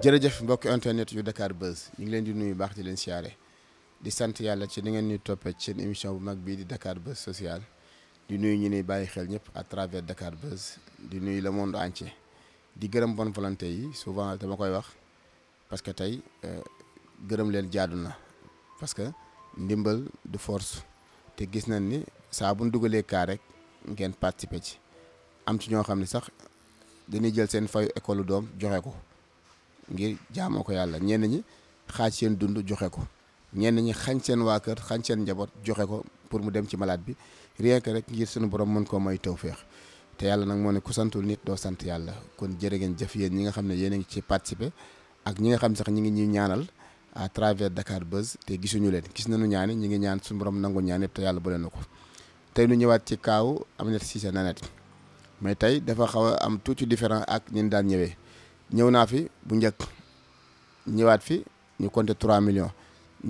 jërëjëf mbokk internet yu Dakar Buzz ñu ngi leen di nuyu baax di leen siyaare di sant yàlla ci ni ngeen ñuy toppee seen émission bu mag bii di Dakar Buzz social di nuyu ñu ni bàyyi xel ñëpp à travers Dakar Buzz di nuyu la monde entier di gërëm bon volonté yi souvent dama koy wax parce que tey euh, gërëm leen jaadu na parce que ndimbal du force te gis nañ ni saa bu dugalee kaa rek ngeen participer ci am ci ñoo xam ne sax dañuy jël seen fayu école doom joxe ko. ngir jaamoo ko yàlla ñenn ñi xaaj seen dund joxe ko ñenn ñi xañ seen waa kër xañ seen njaboot joxe ko pour mu dem ci malaat bi rien que rek ngir suñu borom mën koo may feex te yàlla nag moo ne ku santul nit doo sant yàlla kon jërë ngeen jëf yéen ñi nga xam ne yéen a ngi ci participer ak ñi nga xam sax ñi ngi ñuy ñaanal à travers Dakar Buzz te gisuñu leen gis nañu ñaani ñi ngi ñaan suñu borom nangu ñaan yëpp te yàlla boole na ko tey nu ñëwaat ci kaaw Aminata Cissé Nanette mais tey dafa xaw a am tuuti différent ak ñin daan ñëwee ñëw naa fi bu njëkk ñëwaat fi ñu compter 3 millions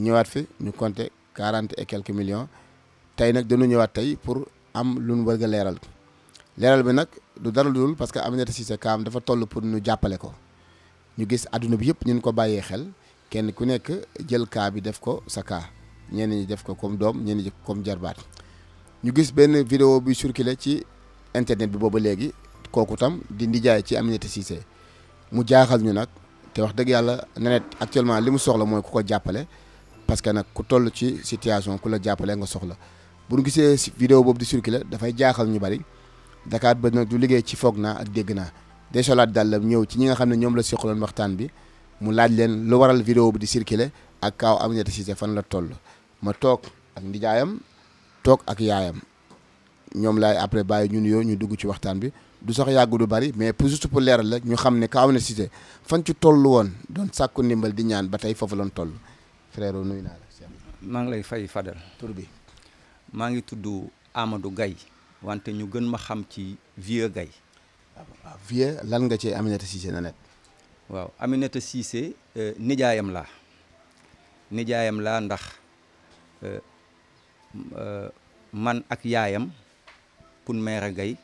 ñëwaat fi ñu compter quarante et quelques millions tey nag dañu ñëwaat tey pour am lu nu bëgg leeral leeral bi nag du dara dul parce que Aminata Cissé Kaam dafa toll pour ñu jàppale ko ñu gis àdduna bi yëpp ñun ko bàyyee xel kenn ku nekk jël kaa bi def ko sa kaa ñenn ñi def ko comme doom ñenn ñi comme jarbaat ñu gis benn vidéo bi surculer ci internet bi booba léegi kooku tam di ndijaay ci Aminata Cissé mu jaaxal ñu nag te wax dëgg yàlla nenet actuellement li mu soxla mooy ku ko jàppale parce que nag ku toll ci situation ku la jàppale nga soxla bu ñu gisee si vidéo boobu di circulé dafay jaaxal ñu bari Dakar ba nag du liggéey ci foog naa ak dégg naa day solaat daal la ñëw ci ñi nga xam ne ñoom la soxaloon waxtaan bi mu laaj leen lu waral vidéo bi di circulé ak kaaw Aminata Cissé fan la toll ma toog ak ndijaayam toog ak yaayam ñoom laay après bàyyi ñun yoo ñu dugg ci waxtaan bi du sax yàgg du bari mais pour juste pour leeral la ñu xam ne Kawoné Cissé fan ci toll woon doon sàkku ndimbal di ñaan ba tey foofu lañ toll nuyu naa la. maa ngi lay fay Fadel. tur bi maa ngi tudd Amadou Gaye wante ñu gën ma xam ci Vieux Gaye waaw ah ah, lan nga ci Aminata Cissé na net waaw Aminata Cissé euh, nijaayam laa nijaayam laa ndax euh, euh, man ak yaayam pour Mère Gaye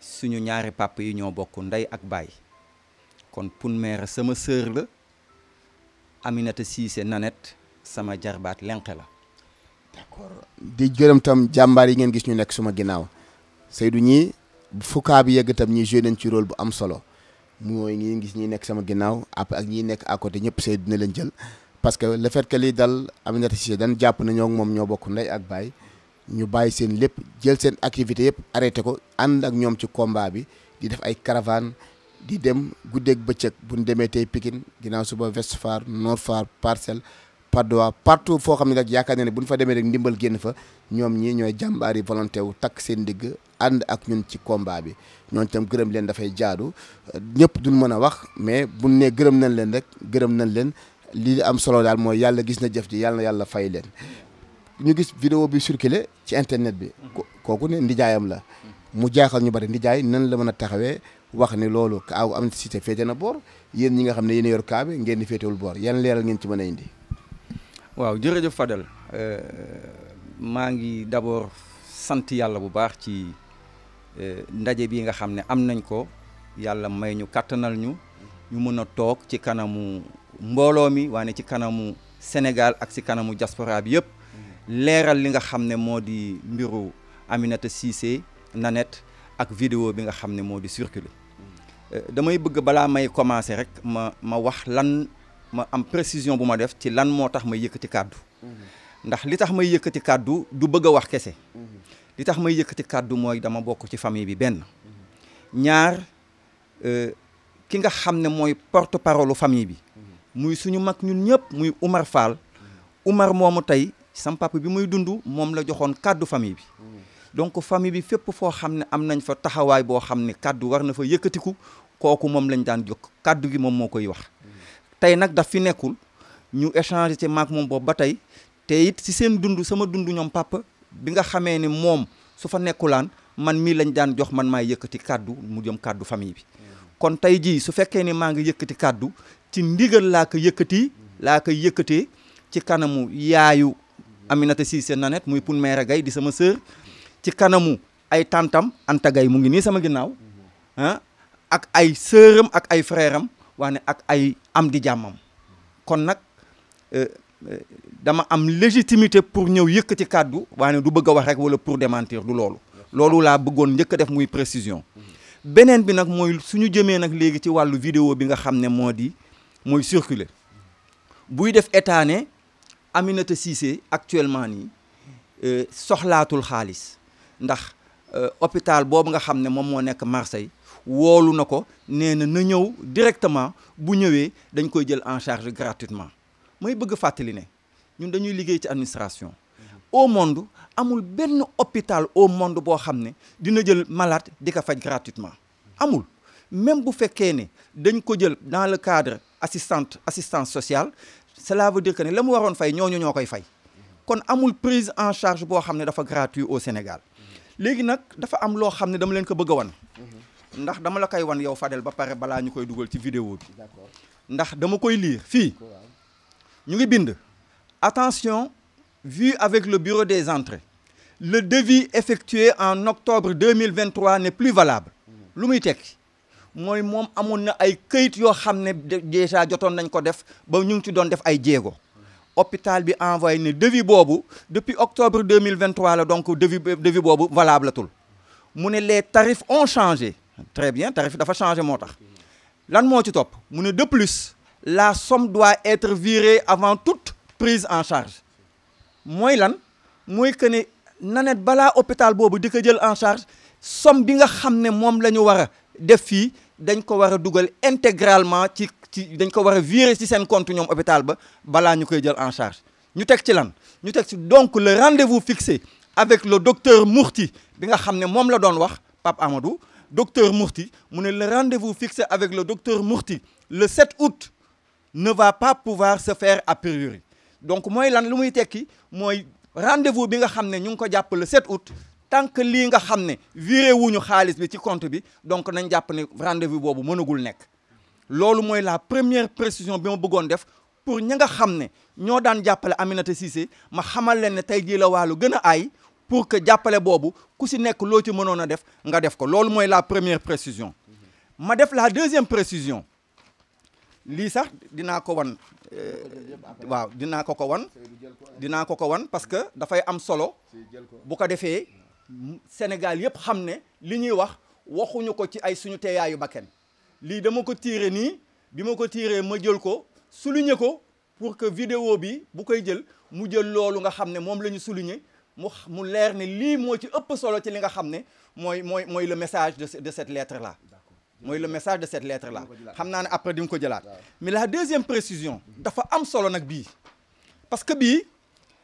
suñu ñaari pàpp yi ñoo bokk ndey ak baay kon Poune Mère sama sœur la Aminata Cissé Nanette sama jarbaat lenqe la. d'accord di gërëm tam jàmbaar yi ngeen gis ñu nekk suma ginnaaw Seydou ñii fukkaa bi yegg tam ñi joué nañ ci rôle bu am solo mooy ñi gis ñi nekk sama ginnaaw app ak ñi nekk à côté ñëpp Seydou dina leen jël parce que le lii dal Aminata Cissé dañ jàpp na ñoo moom ñoo bokk ndey ak baay. ñu bàyyi seen lépp jël seen activité yëpp arrêté ko ànd ak ñoom ci combat bi di def ay caravane di dem guddeeg bëccëg bu ñu demee tey Pikine ginnaaw suba Ouest Foire Nord Foire Parcelles Patte d'Oie partout foo xam ne rek yaakaar na ne bu ñu fa demee rek ndimbal génn fa ñoom ñii ñooy jàmbaar yi volonté wu takk seen digg ànd ak ñun ci combat bi ñooñu tam gërëm leen dafay jaadu ñëpp duñ mën a wax mais buñ nee gërëm nañ leen rek gërëm nañ leen lii am solo daal mooy yàlla gis na jëf ji yàlla yàlla fay leen ñu gis vidéo bi surculer ci internet bi mhm. kooku ne ndijaayam la mu jaaxal ñu bari ndijaay nan la mën a taxawee wax ni loolu kaaw am cité féete na boor yéen ñi nga xam ne yéen yor kaa ngeen di féetewul boor yan leeral ngeen ci mën a indi waaw jërëjëf Fadel euh, maa ngi d'abord sant yàlla bu baax ci euh, ndaje bi nga xam ne am nañ ko yàlla may ñu kàttanal ñu ñu mën a toog ci kanamu mbooloo mi waane ci kanamu Sénégal ak ci kanamu diaspora bi yëpp leeral li nga xam ne moo di mbiru Aminata Cissé nanet ak vidéo bi nga xam ne moo di circuler euh, damay bëgg balaa may commencer rek ma ma wax lan ma am précision bu ma def ci lan moo tax may yëkkati kàddu ndax li tax may yëkkati kàddu du bëgg a wax kese li tax may yëkkati kàddu mooy dama bokk ci famille bi benn ñaar euh, ki nga xam ne mooy porte-parole famille bi muy suñu mag ñun ñëpp muy Umar Fall Umar moomu tey sam papa bi muy dund moom la joxoon kàddu famille bi donc famille bi fépp foo xam ne am nañ fa taxawaay boo xam ne kàddu war na fa yëkkatiku kooku moom lañ daan jóg kàddu gi moom moo koy wax tey nag daf fi nekkul ñu échanger ci moom boobu ba tey te it si seen dund sama dund ñoom papa bi nga xamee ne moom su fa nekkulaan man mii lañ daan jox man maay yëkkati kàddu mu jëm kàddu famille bi kon tey ji su fekkee ne maa ngi yëkkati kàddu ci ndigal laa ko yëkkati laa koy yëkkatee ci kanamu yaayu ami Aminata Cissé Nanette muy pour mère Gaye di sama sœur ci kanamu ay tàntam Anta Gaye mu ngi nii sama ginnaaw ah ak ay sœuram ak ay freeram waane ak ay am di jàmmam kon nag euh, euh, dama am légitimité pour ñëw ci kàddu waane du bëgg a wax rek wala pour démentir du loolu loolu laa bëggoon njëkk a def muy précision beneen bi nag mooy suñu jëmee nag léegi ci wàllu vidéo bi nga xam ne moo di mooy circuler buy def état Aminata Cissé actuellement nii euh, soxlaatul xaalis ndax euh, hôpital boobu nga xam ne moom moo nekk Marseille woolu na ko nee na na ñëw directement bu ñëwee dañ koy jël en charge gratuitement mooy bëgg fàttali ne ñun dañuy liggéey ci administration au monde amul benn hopital au monde boo xam ne dina jël malade di ko faj gratuitement amul même bu fekkee ne dañ ko jël dans le cadre assistante assistance sociale cela veut dire que ne la mu waroon fay ñooñu ñoo koy fay kon amul prise en charge boo xam ne dafa gratuit au Sénégal léegi nag dafa am loo xam ne dama leen ko bëgg a wan ndax dama la koy wan yow Fadel ba pare balaa ñu koy dugal ci vidéo bi ndax dama koy lire fii ñu ngi bind attention vu avec le bureau des entrées le devis effectué en octobre 2023 n'est plus valable lu muy tekki mooy moom amoon na ay këyit yoo xam ne déjà jotoon nañ ko def ba ñu ngi ci doon def ay jéego hôpital bi envoyé ne devis boobu depuis octobre deux mille 2023 la donc devis devis boobu valable tul mu ne les tarifs on changé très bien tarif dafa changé moo tax lan moo ci topp mu ne de plus la somme doit être virée avant toute prise en charge mooy lan mooy que ne nanet balaa hôpital boobu di ko jël en charge somme bi nga xam ne moom la ñu war a def fii dañ ko war a dugal intégralement ci ci dañ ko war a virer ci seen compte ñoom hôpital ba balaa ñu koy jël en charge ñu teg ci lan ñu teg ci donc le rendez-vous avec le docteur Mourti bi nga xam ne moom la doon wax Pape Amadou docteur Mourti mu ne le rendez-vous fixé avec le docteur Mourti le 7 août ne va pas pouvoir se faire a priori donc mooy lan lu muy tekki mooy rendez-vous bi nga xam ne ñu ngi ko jàpp le 7 août tant que lii nga xam ne viré wuñu xaalis bi ci compte bi donc nañ jàpp ne rendez-vous boobu mënagul nekk loolu mooy la première précision bi ma bëggoon def pour ñi nga xam ne ñoo daan jàppale Aminata Cissé ma xamal leen ne tey jii la waalo gën a ay pour que jàppale boobu ku si nekk loo ci mënoon a def nga def ko loolu mooy la première précision ma def laa deuxième précision lii sax dinaa ko wan euh, waaw dinaa ko ko wan dinaa ko ko wan parce que dafay am solo bu ko defee Sénégal yëpp xam ne li ñuy wax waxuñu ko ci ay suñu teeyaayu bakken lii dama ko tiire nii bi ma ko tiiree ma jël ko souligner ko pour que vidéo bi bu koy jël mu jël loolu nga xam ne moom la ñu souligner mu mu leer ne lii moo ci ëpp solo ci li nga xam ne mooy mooy mooy le message de de cette lettre là mooy le message de cette lettre là xam naa ne après di nga ko jëlaat mais la deuxième précision dafa am solo nag bii parce que bii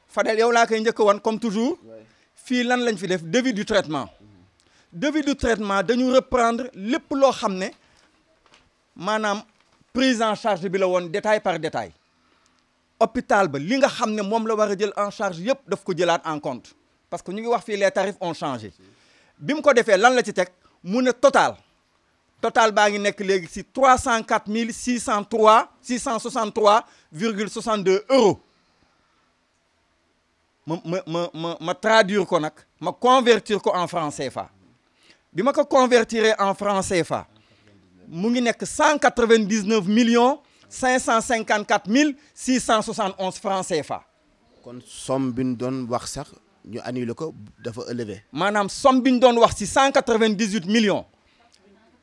Fadel yow laa koy njëkk wan comme toujours fii lan lañ fi def devis du traitement devis du traitement dañu reprendre lépp loo xam ne maanaam prise en charge bi la woon détail par détail hôpital ba li nga xam ne moom la war a jël en charge yëpp daf ko jëlaat en compte parce que ñu ngi wax fii les tarifs ont changé bi mu ko defee lan la ci teg mu ne total total baa ngi nekk léegi si trois cent quatre mille six cent trois six cent soixante trois virgule soixante deux euros ma ma ma ma ma ko nag ma convertir ko en franc fa bi ma ko convertir en français CFA mu ngi nekk cent quatre vingt dix neuf millions cinq cent cinquante quatre mille six cent soixante onze franc CFA. kon somme bi ñu doon wax sax ñu annulé ko dafa élevé. maanaam somme bi ñu doon wax si cent quatre vingt dix huit millions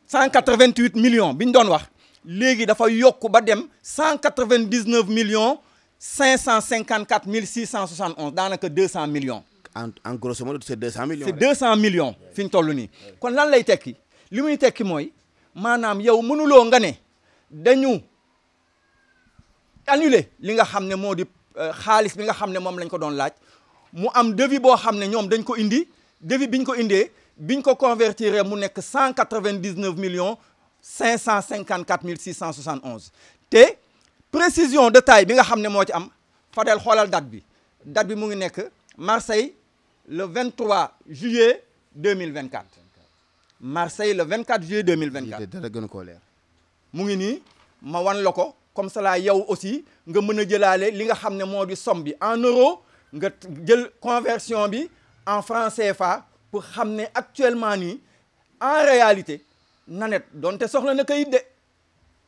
cent quatre millions bi ñu doon wax léegi dafa yokk ba dem cent quatre vingt dix neuf millions. cinq cent cinquante quatre mille six cent soixante onze daanaka deux cent millions. en en grosso modo c'est deux cent fi ñu toll nii. kon lan lay tekki li muy tekki mooy maanaam yow mënuloo nga ne dañu annuler li nga xam ne moo di euh, xaalis bi nga xam ne moom lañ ko doon laaj mu am devis boo xam ne ñoom dañ ko indi devis biñ ko indee biñ ko convertir mu nekk cent quatre vingt dix neuf millions cinq cent cinquante mille six cent soixante onze te. précision de taille bi nga xam ne moo ci am Fadel xoolal date bi date bi mu ngi nekk Marseille le 23 juillet vingt Marseille le 24 juillet 2024 dara gën koo mu ngi nii ma wan la ko comme cela yow aussi nga mën a jëlaale li nga xam ne moo di somme bi en euro nga jël conversion bi en français CFA pour xam ne actuellement nii en réalité Nanette donte soxla na kayit de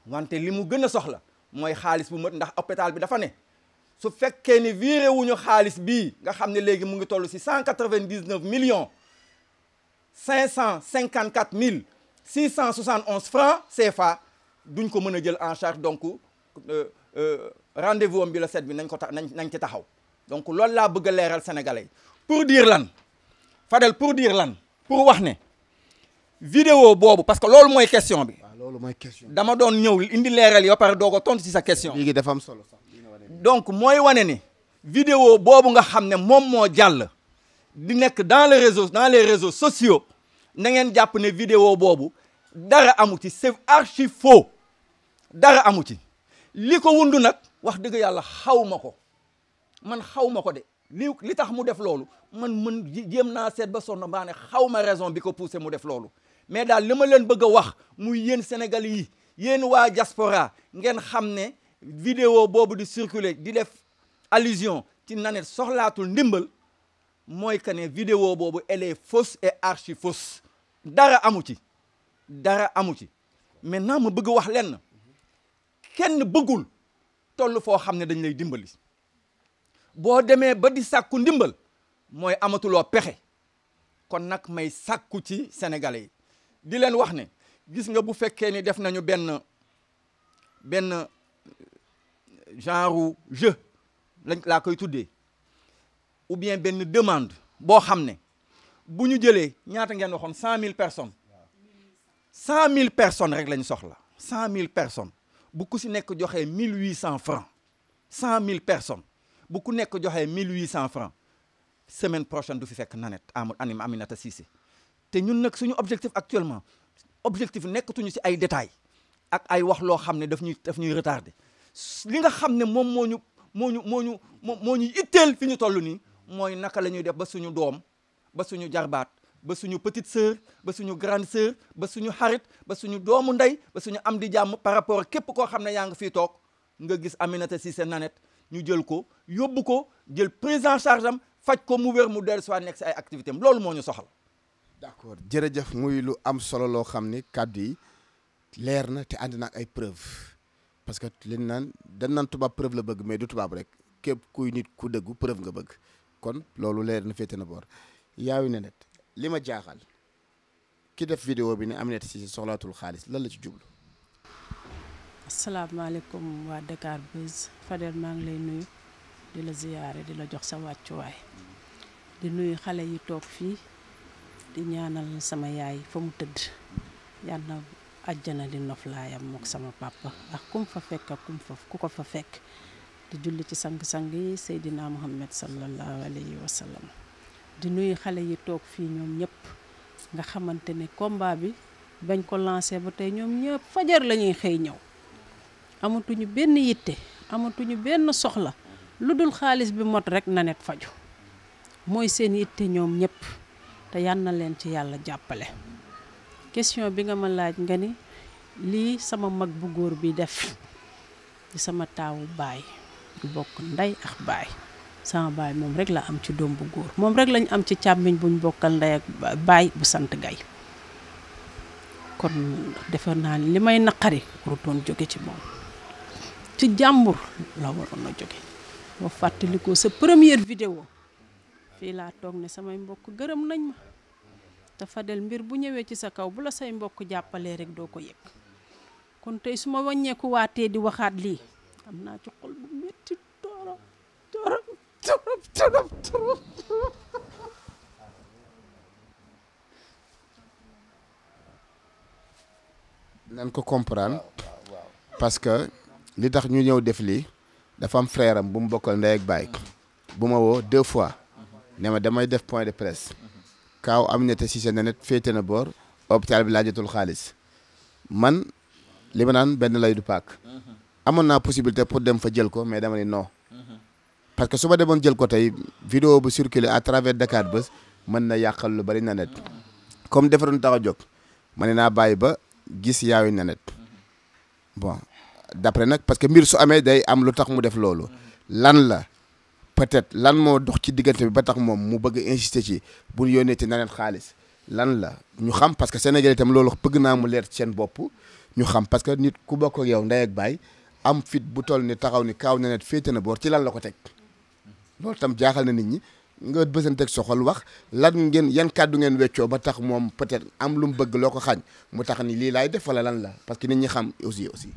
wante li mu gën a soxla mooy xaalis bu mat ndax hôpital bi dafa ne su fekkee ni viré wuñu xaalis bi nga xam ne léegi mu ngi toll si cent quatre-vingt-dix-neuf millions cinq cent cinquante-quatre mille six cent soixante onze francs CFA duñ ko mën a jël en charge donc euh, euh, rendez-vous bi la set bi nañ ko tax nañ nañ ci taxaw donc loolu laa bëgg a leeral sénégalais pour dire lan Fadel pour dire lan pour wax ne vidéo boobu parce que loolu mooy question bi loolu mooy question. dama doon ñëw indi leeral yoo pare doo ko tontu si sa question. léegi dafa am solo sax donc mooy wane ni. vidéo boobu nga xam ne moom moo jàll. di nekk dans les réseau dans les réseaux sociaux na ngeen jàpp ne vidéo boobu dara amu ci c'est archi faux dara amu ci li ko wundu nag wax dëgg yàlla xaw ma ko man xaw ma ko de li li tax mu def loolu man mën jéem naa seet ba sonn mbaa ne xaw ma raison bi ko poussé mu def loolu mais daal li ma leen bëgg a wax muy yéen Sénégal yi yéen waa diaspora ngeen xam ne vidéo boobu di circuler di def allusion ci Nanette soxlaatul ndimbal mooy que ne vidéo boobu elle est fausse et archi fausse dara amu ci dara amu ci maintenant ma bëgg wax lenn kenn bëggul toll foo xam ne dañ lay dimbali boo demee ba di sàkku ndimbal mooy amatuloo pexe kon nag may sàkku ci sénégal yi di leen wax ne gis nga bu fekkee ni def nañu benn benn genre jeu lañ laa koy tuddee ou bien benn demande boo xam ne bu ñu jëlee ñaata ngeen waxoon cent mille personnes cent mille personnes rek lañ soxla cent mille personnes bu ku si nekk joxee mille huit cent francs cent mille personnes bu ku nekk joxee mille huit cent francs semaine prochaine du fi fekk nanet am Aminata Cissé te ñun nag suñu objectif actuellement objectif nekkatuñu si ay détails ak ay wax loo xam ne daf ñuy daf ñuy retardé li nga xam ne moom moo ñu moo ñu moo ñu moo ñu itteel fi ñu toll nii mooy naka la ñuy def ba suñu doom ba suñu jarbaat ba suñu petite sœur ba suñu grande sœur ba suñu xarit ba suñu doomu ndey ba suñu am di jàmm par rapport ak képp koo xam ne yaa ngi fii toog nga gis si seen Nanette ñu jël ko yóbbu ko jël prise en charge am faj ko mu wér mu dellu si nekk si ay activité am loolu moo ñu soxal d'accord jërëjëf muy lu am solo loo xam ni kàddu yi leer na te ànd na ak ay preuve parce que li naan dañ naan tubaab preuve la bëgg mais du tubaab rek képp kuy nit ku dëggu preuve nga bëgg kon loolu leer na féete na boor yaayu ne net li ma jaaxal ki def vidéo bi ne Aminata Cissé soxlaatul xaalis lan la ci jublu asalaamaaleykum waa Dakar Buzz Fadel maa lay nuyu di la ziyaare di la jox sa wàccuwaay di nuyu xale yi toog fii di ñaanal sama yaay fa mu tëdd yal na àjjana di noflaayam mook sama papa ndax kum fa fekk ak kum fa ku ko fa fekk di julli ci sang-sang yi Seydina Muhammad sallallahu alayhi wa di nuyu xale yi toog fii ñoom ñëpp nga xamante ne komba bi bañ ko lancé ba tey ñoom ñëpp fajar la ñuy xëy ñëw amatuñu benn yitte amatuñu benn soxla lu dul xaalis bi mot rek na net faju mooy seen yitte ñoom ñëpp te yal na leen ci yàlla jàppale question bi nga ma laaj nga ni lii sama mag bu góor bi def di sama taawu baay ñu bokk ndey ak baay sama baay moom rek la am ci doom bu góor moom rek lañ am ci càmmiñ buñ bokkal ndey ak baay bu sant gay kon defar naa ni li may naqari warutoon jóge ci moom ci jàmbur la waroon a jóge boo fàttalikoo sa première vidéo fii laa toog ne samay mbokk gërëm nañ ma te Fadel mbir bu ñëwee ci sa kaw bu la say mbokk jàppalee rek doo ko yëg kon tey su ma wàññeeku waatee di waxaat lii am naa ci xol bu metti torop torop torop torop torop nan ko comprendre parce que li tax ñu ñëw def lii dafa am frère bu mu bokkal ndey ak baay bu ma woo fois ne ma damay def point de presse kaaw am Cissé ne net féete na boor hôpital bi laajatul xaalis man li ma naan benn lay du paak amoon naa possibilité pour dem fa jël ko mais dama ni non parce que su ma demoon jël ko tey video bu circulé à travers Dakar Buzz mën na yàqal lu bari nanet comme defaroon tax a jóg ma naa bàyyi ba gis yaayu nanet bon d'après nag parce que mbir su amee day am lu tax mu def loolu lan la peut-être lan moo dox ci diggante bi ba tax moom mu bëgg insister ci bu ñu yónnee na leen xaalis lan la ñu xam parce que Sénégalais tam loolu bëgg naa mu leer seen bopp ñu xam parce que nit ku bokk ak yow ndey ak baay am fit bu toll ni taxaw ni kaaw na féete na boor ci lan la ko teg loolu tam jaaxal na nit ñi nga teg soxol wax lan ngeen yan kàddu ngeen weccoo ba tax moom peut-être am lu mu bëgg loo ko xañ mu tax ni lii laay def wala lan la parce que nit ñi xam aussi aussi.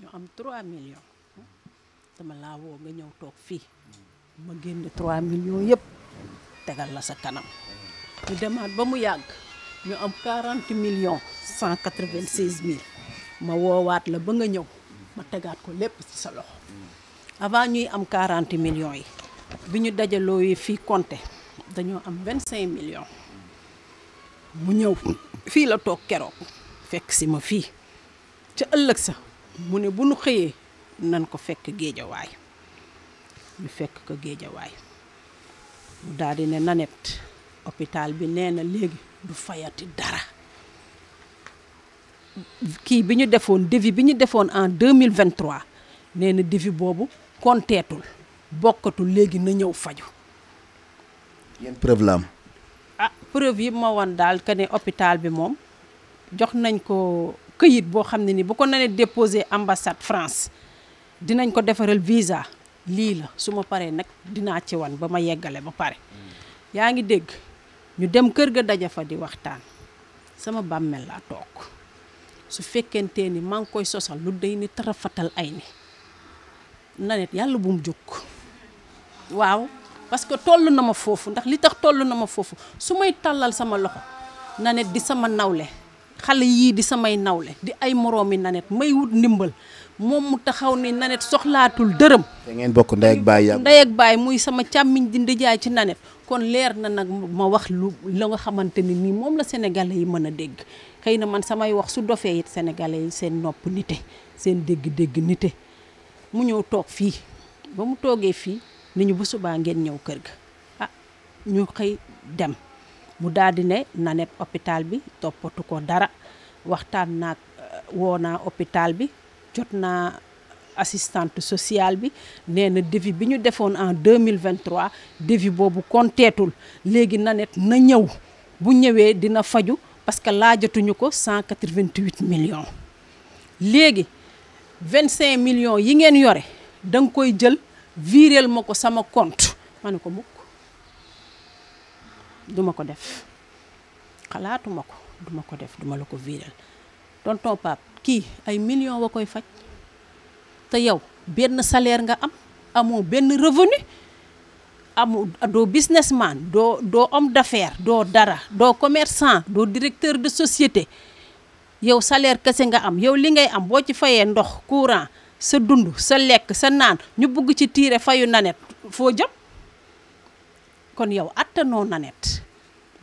ñu am 3 millions dama laa woo nga ñëw toog fii ma génn 3 millions yëpp tegal la sa kanam ñu demaat ba mu yàgg ñu am 40 millions 196 mille ma woowaat la ba nga ñëw ma tegaat ko lépp ci sa loxo avant ñuy am 40 millions yi bi ñu dajaloo yi fii compté dañoo am 25 millions mu ñëw fii la toog keroog fekk si ma fii ca ëllëg sa mu ne bu nu xëyee nan ko fekk géejawaay ñu fekk ko géejawaay daldi ne nanet hôpital bi nee na léegi du fayati dara kii bi ñu defoon devis bi ñu defoon en mille 2023 nee na devis boobu konteetul bokkatul léegi na ñëw faju yéen preuve la ah preuve yi ma woon daal que ne hôpital bi moom jox nañ ko këyit boo xam ne ni bu ko nanee déposé ambassade France dinañ ko defaral visa lii la su ma paree nag dinaa ci wan ba ma yeggalee ba pare yaa ngi dégg ñu dem kër ga daja fa di waxtaan sama bàmmeel laa toog su fekkente ni maa ngi koy sosal lu day ni tarafatal ay ni nanet yàlla bu mu jóg waaw parce que toll na ma foofu ndax li tax toll na ma foofu su may tàllal sama loxo nanet di sama nawle xale yii di samay nawle di ay moroomi nanet may wut ndimbal moom mu taxaw ni nanet soxlaatul dërëm. da ngeen bokk ndey ak baay muy sama càmmiñ di ndijaay ci nanet kon leer na nag ma wax lu la nga xamante ni nii moom la sénégalais yi mën a dégg xëy na man samay wax su dofee it sénégalais yi seen nopp nite seen dégg-dégg nite mu ñëw toog fii ba mu toogee fii ni ñu bu subaa ngeen ñëw kër ga ah ñu xëy dem. mu daal di ne nanet neb hôpital bi toppatu ko dara waxtaan naag euh, woo naa hôpital bi jot na assistante sociale bi nee na devis bi ñu defoon en 2023 devis boobu konteetul léegi nanet na ñëw bu ñëwee dina faju parce que laajatuñu ko 188 millions léegi 25 millions yi ngeen yore da nga koy jël viréel ma ko sama compte ma ne ko mu duma ko def xalaatuma ko duma ko def duma la ko viiral tonton Pape kii ay million wa koy faj te yow benn salaire nga am amoo benn revenu amu doo man doo doo homme d'affaires doo dara doo commerçant doo directeur de société yow salaire kese nga am yow li ngay am boo ci fayee ndox courant sa dund sa lekk sa naan ñu bugg ci tiire fayu nanet foo jëm kon yow attanoo nanet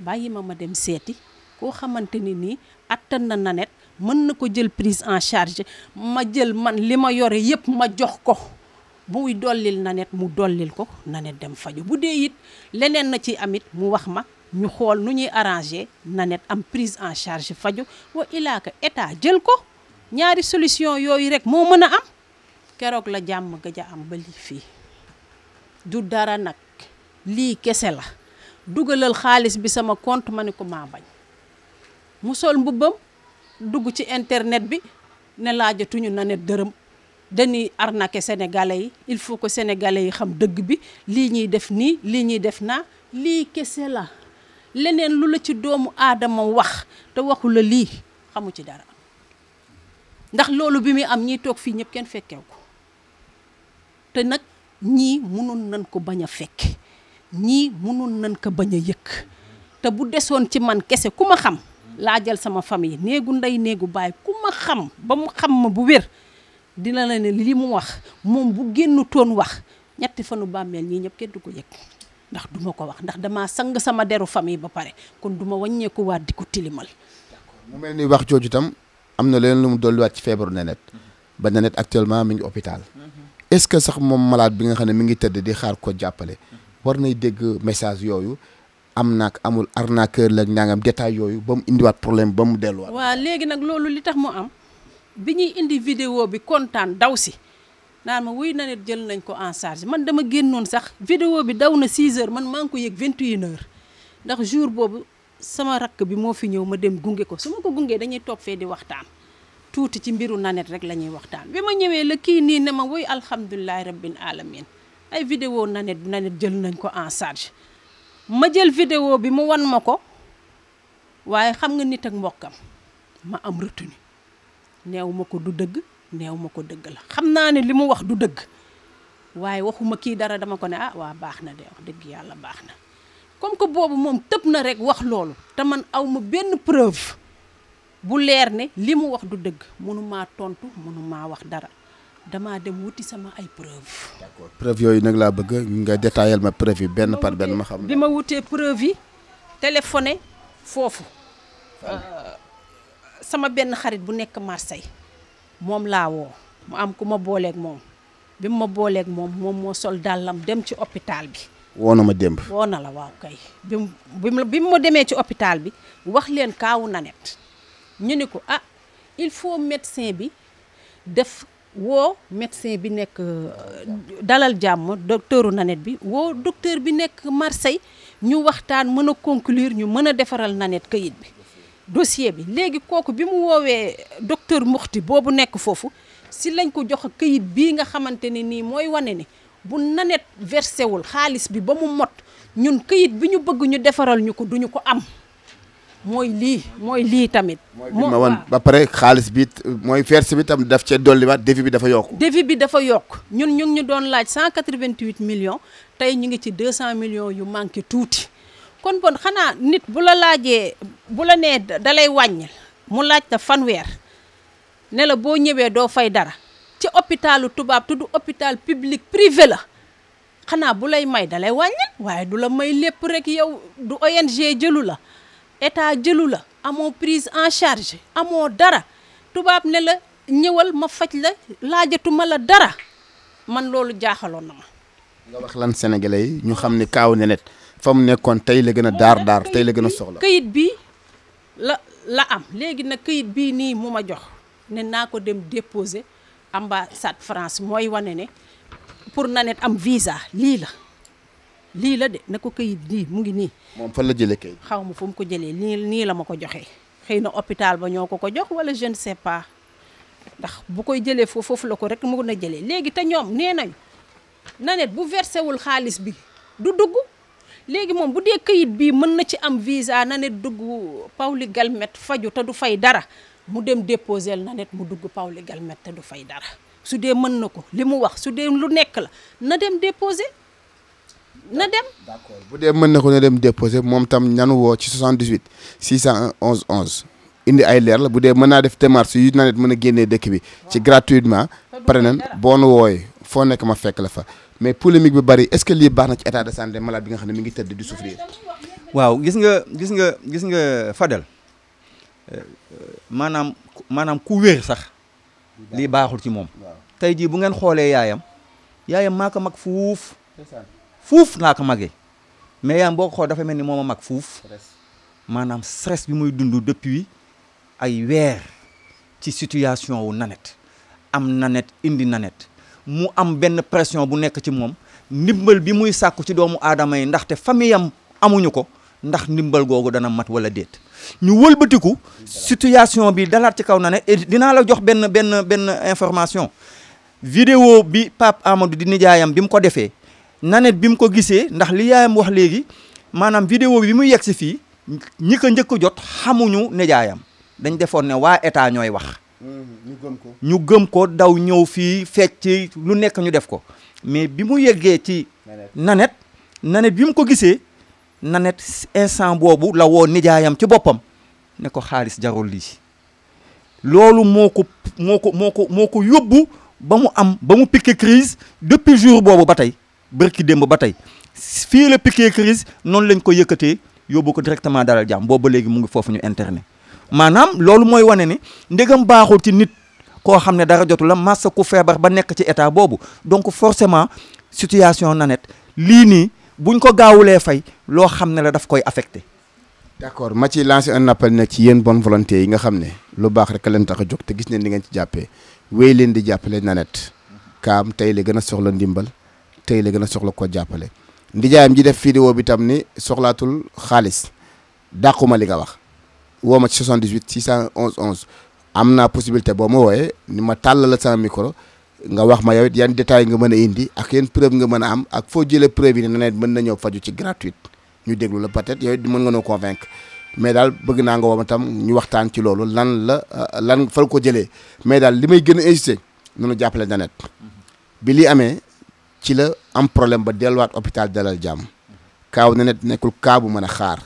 bàyyi ma ma dem seeti koo xamante ni nii attan na nanet mën na ko jël prise en charge ma jël man li ma yore yëpp ma jox ko buy dollil nanet mu dollil ko nanet dem faju bu dee it leneen na ci amit mu wax ma ñu xool nu ñuy arrangé nanet am prise en charge faju wa ilaaka état jël ko ñaari solution yooyu rek moo mën a am keroog la jàmm gëj a am ba lii fii du dara nag lii kese la dugalal xaalis bi sama compte ma ne ko maa bañ mu sol mbubbam dugg ci internet bi ne laajatuñu na ne dërëm dañuy arnaquer sénégalais yi il faut que sénégalais yi xam dëgg bi lii ñuy def nii lii ñuy def naa lii kese la leneen lu la ci doomu aadama wax te waxu la lii xamu ci dara ndax loolu bi muy am ñiy toog fii ñëpp kenn fekkew ko te nag ñii mënoon nañ ko bañ a fekk ñii mënoon nañ ko bañ a yëkk te bu desoon ci man kese ku ma xam laa jël sama famille néegu ndey néegu baay ku ma xam ba mu xam ma bu wér dina la ne li mu wax moom bu génn toon wax ñetti fanu bàmmeel ñii ñëpp kenn du ko yëg ndax duma ko wax ndax damaa sang sama deru famille ba pare kon duma wàññeeku waat di ko tilimal. mu mel ni wax jooju tam am na leen lu mu dolliwaat ci feebaru Nénette ba Nénette actuellement mu ngi hôpital mm-hmm. est-ce que sax moom malaat bi nga xam ne mi ngi tëdd di xaar ko jàppale. war nay dégg message yooyu am naak amul arnaqueur la ñaangam détail yooyu ba mu indiwaat problème ba mu delluwaat. waa léegi nag loolu li tax mu am bi ñuy indi vidéo bi kontaan daw si naan ma wuy na jël nañ ko en charge man dama génnoon sax. vidéo bi daw na 6 heures man maa ngi ko yëg 21 heures ndax jour boobu sama rakk bi moo fi ñëw ma dem gunge ko su ma ko gungee dañuy toog fee di waxtaan. tuuti ci mbiru nanet rek la ñuy waxtaan bi ma ñëwee la nii ne ma woy alhamdulilahi rabbil alamin ay vidéo nanet nanet jël nañ ko en charge ma jël vidéo bi mu wan ma ko waaye xam nga nit ak mbokkam ma am retenu neew ma ko du dëgg neew ma ko dëgg la xam naa ne li mu wax du dëgg waaye waxuma kii dara dama ko ne ah waa baax na de wax dëgg yàlla baax na comme que boobu moom tëb na rekk wax loolu te man aw ma benn preuve bu leer ne li mu wax du dëgg mënumaa tontu mënumaa wax dara damaa dem wuti sama ay preuve d'accord yooyu nag laa bëgg ñu nga détaillel ma preuve benn par benn ma xam. bi ma wutee preuve yi téléphoné foofu euh, sama benn xarit bu nekk Marseille moom laa woo mu am ku ma booleeg moom bi mu ma booleeg moom moom moo sol dàllam dem ci hôpital bi. woo na ma démb. woo na la waaw kay bi mu ma demee ci hôpital bi wax leen kaawu Nanette ñu ne ko ah il faut médecin bi def. woo médecin bi nekk euh, dalal jàmm docteuru nanet bi woo docteur bi nekk Marseille ñu waxtaan mën a ñu mën a defaral nanet këyit bi dossier bi léegi kooku bi mu woowee docteur Muxti boobu nekk foofu si lañ ko jox këyit bii nga xamante ne nii mooy wane ni bu nanet versé wul xaalis bi ba mu mot ñun këyit bi ñu bëgg ñu defaral ñu ko duñu ko am mooy lii mooy lii tamit. mooy bi ma woon ba pare xaalis bi mooy verse bi tam daf cee dolliwaat défi bi dafa yokk. défi bi dafa yokk ñun ñu ngi ñu doon laaj 188 million tey ñu ngi ci 200 millions yu manqué tuuti kon bon xanaa nit bu la laajee bu la nee dalay lay wàññil mu laaj la fanweer ne la boo ñëwee doo fay dara ci hôpitalu tubaab tudd hôpital public privé la. xanaa bu lay may dalay wàññil waaye du la may lépp rek yow du ONG jëlu la état jëlu la amoo prise en charge amoo dara tubaab ne la ñëwal ma faj la laajatuma la dara man loolu jaaxaloon na ma. nga wax lan sénégalais yi ñu xam ne Kaaw Nénét fa mu nekkoon tey la gën a daar daar tey la gën a soxla. kayit bi la la am léegi nag këyit bii nii mu ma jox ne naa ko dem déposer ambassade France mooy wane ne pour Nénét am visa lii la. lii la de na ko këyit lii mu ngi nii. moom fa la jëlee kay. xaw ma fu mu ko jëlee nii nii la ma ko joxee xëy na hôpital ba ñoo ko ko jox wala je ne ndax bu koy jëlee foofu foofu la ko rek mu na jëlee léegi te ñoom nee nañu nanet bu versé xaalis bi du dugg léegi moom bu dee këyit bii mën na ci am visa nanet dugg li Galmet faju te du fay dara mu dem déposel nanet mu dugg Pawli Galmet te du fay dara su dee mën na ko li mu wax su dee lu nekk la na dem déposé. na dem. bu dee mën na ko ne dem déposer moom tam ñanu woo ci cent 611 11 indi ay leer la bu dee mën naa def démarche yu nawet mën a génnee dëkk bi ci gratuitement pare nañ boo nu wooyee foo nekk ma fekk la fa mais polémique bi bari est-ce que lii baax na ci état de santé malade bi nga xam ne mi ngi tëdd di souffrir. waaw gis nga gis nga gis nga Fadel euh, euh, maanaam maanaam ku wér sax lii baaxul ci moom. tey jii bu ngeen xoolee yaayam yaayam maa mag fuuf. fuuf laa ko magee mais yaam boo ko xool dafa mel ni moom a mag fuuf maanaam stress bi muy dund depuis ay weer ci situation wu nanet am nanet indi nanet mu am benn pression bu nekk ci moom ndimbal bi muy sàkku ci doomu aadama yi ndaxte famille am amuñu ko ndax ndimbal googu dana mat wala déet ñu wëlbatiku situation bi dalaat ci kaw na ne dinaa la jox benn benn benn information vidéo bi Pape Amadou di nijaayam bi mu ko defee nanet bi mu ko gisee ndax li yaayam wax léegi maanaam vidéo bi mu yegg si fii ñi ko njëkk jot xamuñu nijaayam dañ defoon ne waa état ñooy wax. ñu gëm ko ñu gëm ko daw ñëw fii feet ci lu nekk ñu def ko mais bi mu yeggee ci. nanet nanet bi mu ko gisee nanet instant boobu la woo nijaayam ci boppam ne ko xaalis jarul lii. loolu moo ko moo ko moo ko moo ko yóbbu ba mu am ba mu piqué crise depuis jour boobu ba tey. bërki démb ba tey fii la piqué crise noonu lañ ko yëkkatee yóbbu ko directement dalal jàmm ba léegi mu ngi foofu ñu internet maanaam loolu mooy wane ne ndegam baaxul ci nit koo xam ne dara jotu la massa ku feebar ba nekk ci état boobu donc forcément situation nanette lii nii buñ ko gaawulee fay loo xam ne la daf koy affecté d'accord ma ci lance un appel nag ci yéen bon volonté yi nga xam ne lu baax rek leen tax a jóg te gis neen li ngeen ci jàppee leen di jàppale Nanette kaam tey la gën a soxla ndimbal tey la gën a soxla ko jàppale ndijaayam ji def vidéo bi tam ni soxlaatul xaalis dàquma li nga wax woo ma ci 78 611 11 am naa possibilité boo ma wooyee ni ma tàllal la sama micro nga wax ma yow it yan détail nga mën a indi ak yan preuve nga mën a am ak foo jëlee preuve yi ne nawet mën na ñëw faju ci gratuite ñu déglu la peut-être yow it mën nga noo convaincre mais daal bëgg naa nga woo tam ñu waxtaan ci loolu lan la lan fal ko jëlee mais daal li may gën a insister nunu jàppale Nanette ci la am problème ba delluwaat hôpital Dalal Jàmm kaaw na nekkul kaa bu mën a xaar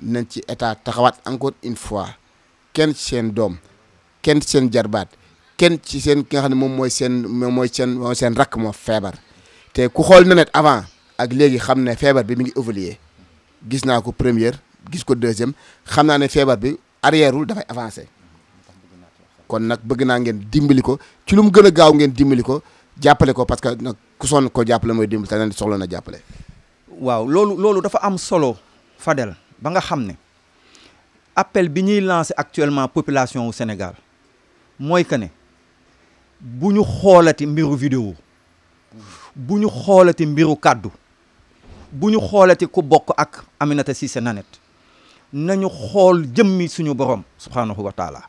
nañ ci état taxawaat encore une fois kenn seen doom kenn seen jarbaat kenn ci seen ki xam ne moom mooy seen moom mooy seen mooy seen rakk moo feebar te ku xool Nénette avant ak léegi xam ne feebar bi mi ngi évoluer gis naa ko première gis ko deuxième xam naa ne feebar bi arrièreul dafay avancé kon nag bëgg naa ngeen dimbali ko ci lu mu gën a gaaw ngeen dimbali ko jàppale ko parce que nag ku sonn ko jàppale mooy dimbali te leen soxla na jàppale. waaw loolu loolu dafa am solo Fadel ba nga xam ne appel bi ñuy lancer actuellement population wu senegal mooy que ne bu ñu xoolati mbiru vidéo bu ñu xoolati mbiru kàddu bu ñu xoolati ku bokk ak Aminata Cissé Nanette nañu xool jëmmi suñu borom subhaanahu wa taala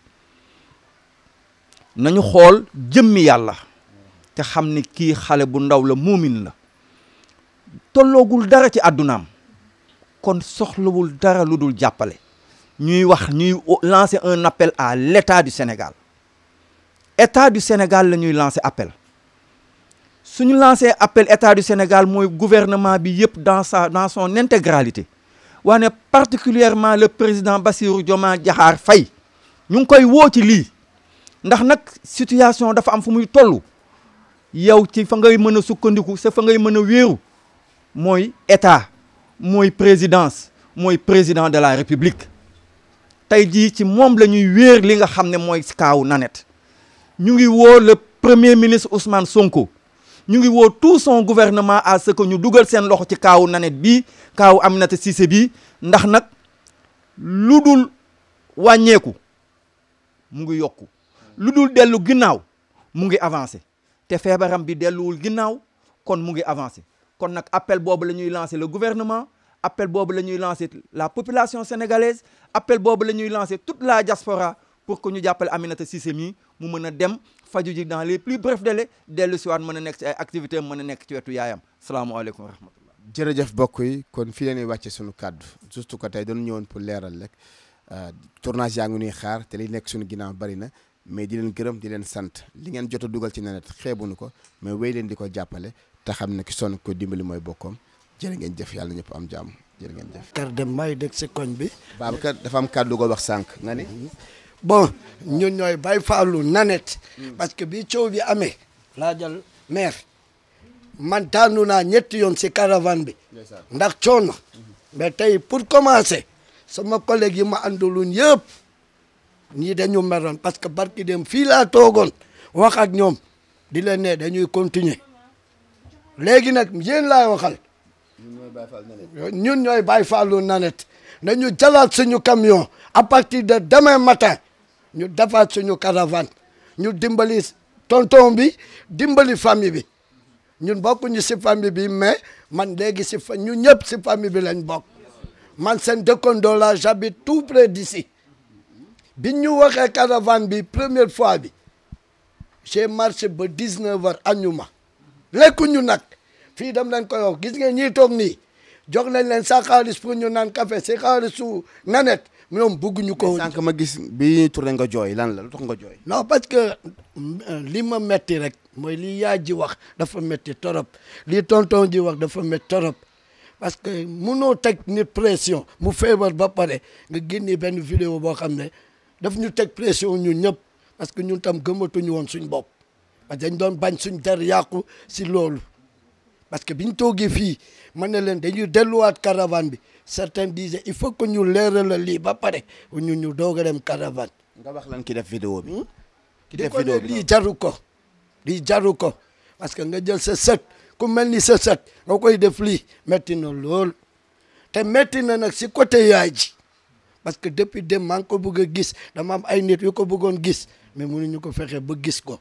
nañu xool jëmmi yàlla. te xam ni kii xale bu ndaw la muumin la tolloogul dara ci àddunaam kon soxlawul dara lu dul jàppale ñuy wax ñuy lancer un appel à l'état du Sénégal état du Sénégal la ñuy lancer appel suñu lancer appel état du Sénégal mooy gouvernement bi yëpp dans sa dans son intégralité waane particulièrement le président Bassirou Diomaye Diakhar fay ñu ngi koy woo ci lii ndax nag situation dafa am fu muy tollu yow ci fa ngay mën a sukkandiku se fa ngay mën a wéeru mooy état mooy présidence mooy président de la république tey jii ci moom la ñuy wéer li nga xam ne mooy kaawu nanet ñu ngi woo le premier ministre Ousmane Sonko ñu ngi woo tout son gouvernement à ce ñu dugal seen loxo ci kaawu Nanette bii kaawu Aminata Cissé bii ndax nag lu dul wàññeeku mu ngi yokku lu dul dellu ginnaaw mu ngi avancé te feebaram bi delluwul ginnaaw kon mu ngi avancé kon nag appel boobu la ñuy lancé le gouvernement appel boobu la ñuy lancé la population sénégalaise appel boobu la ñuy lancé toute la diaspora pour que ñu jàppale Aminata Cissé mi mu mën a dem faju ji dans les plus brefs délais dellu si waat mën a nekk ci ay activités mën a nekk ci wetu yaayam salaamaaleykum wa rahmatullah jërëjëf bokk yi kon fii la ñuy wàcce suñu kàddu surtout que tey doon ñëwoon pour leeral rek euh, tournage yaa ngi nuy xaar te li nekk suñu ginnaaw bari na mais di leen gërëm di leen sant li ngeen jot a dugal ci nawet nu ko mais wéy leen di ko jàppale te xam ne ki sonn ko dimbali mooy bokkoom jërë ngeen jëf yàlla ñëpp am jàmm jërë ngeen jëf. Kër Deme maa ngi dégg si koñ bi. Babacar dafa am kàddu goo wax sànq nga ni. bon ñun ñooy bay faalu nanet hmm. parce que bi coow bi amee. laajal maire. man taanu naa ñetti yoon si caravane bi. ndax coono. Hmm. mais tey pour commencer. sama collègue yi ma àndaloon yëpp. ñii dañu meroon parce que barki dem fii laa toogoon wax ak ñoom di leen ne dañuy continuer léegi nag yéen laay waxal ñun ñooy Baye Fallou Nanette nañu jalaat suñu camion à partir de demain matin ñu defaat suñu caravane ñu dimbali tonton bi dimbali famille bi ñun bokkuñu si famille bi mais man léegi si fa ñu ñëpp si famille bi lañ bokk man seen dëkkandoo la j'habite tout près d'ici biñ ñu waxee caravane bi première fois bi j'ai marché ba 19 heures ñu ma ñu nag fii dam leen koy gis ngeen ñu toog ni jox nañ leen sa xaalis pour ñu naan café sa xaalisu nanet ñoom bëgguñu ko. sànq ma gis bi tourné nga jooy lan la lu tax nga jooy. non parce que euh, li ma metti rek mooy li yaay ji wax dafa metti torop li tonton ji wax dafa metti torop parce que mënoo teg nit pression mu feebar ba pare nga génne benn vidéo boo xam ne. def ñu teg pression ñun ñëpp parce que ñun tam gëmatuñu woon suñ bopp parce que doon bañ suñ der yàqu si loolu parce que biñ toogee fii man ne leen dañuy delluwaat caravane bi certains disaient il faut que ñu leeralal lii ba pare ñu ñu doog a dem caravane. nga wax lan ki def vidéo bi. Hmm? ki def vidéo bi lii jaru ko lii jaru ko parce que nga jël sa set ku mel ni sa set nga koy def lii metti nu lool te metti na nag si côté yaay ji. parce que depuis dem maa ngi ko bëgg a gis dama am ay nit yu ko bëggoon gis mais ñu ko fexe ba gis ko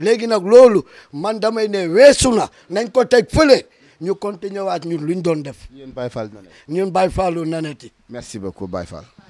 léegi nag loolu man damay ne weesu na nañ ko teg fële ñu continuer waat ñun luñ doon def. ñun Baye Fall Nanette. ñun Baye Fallu Nanette. merci beaucoup Baye Fall.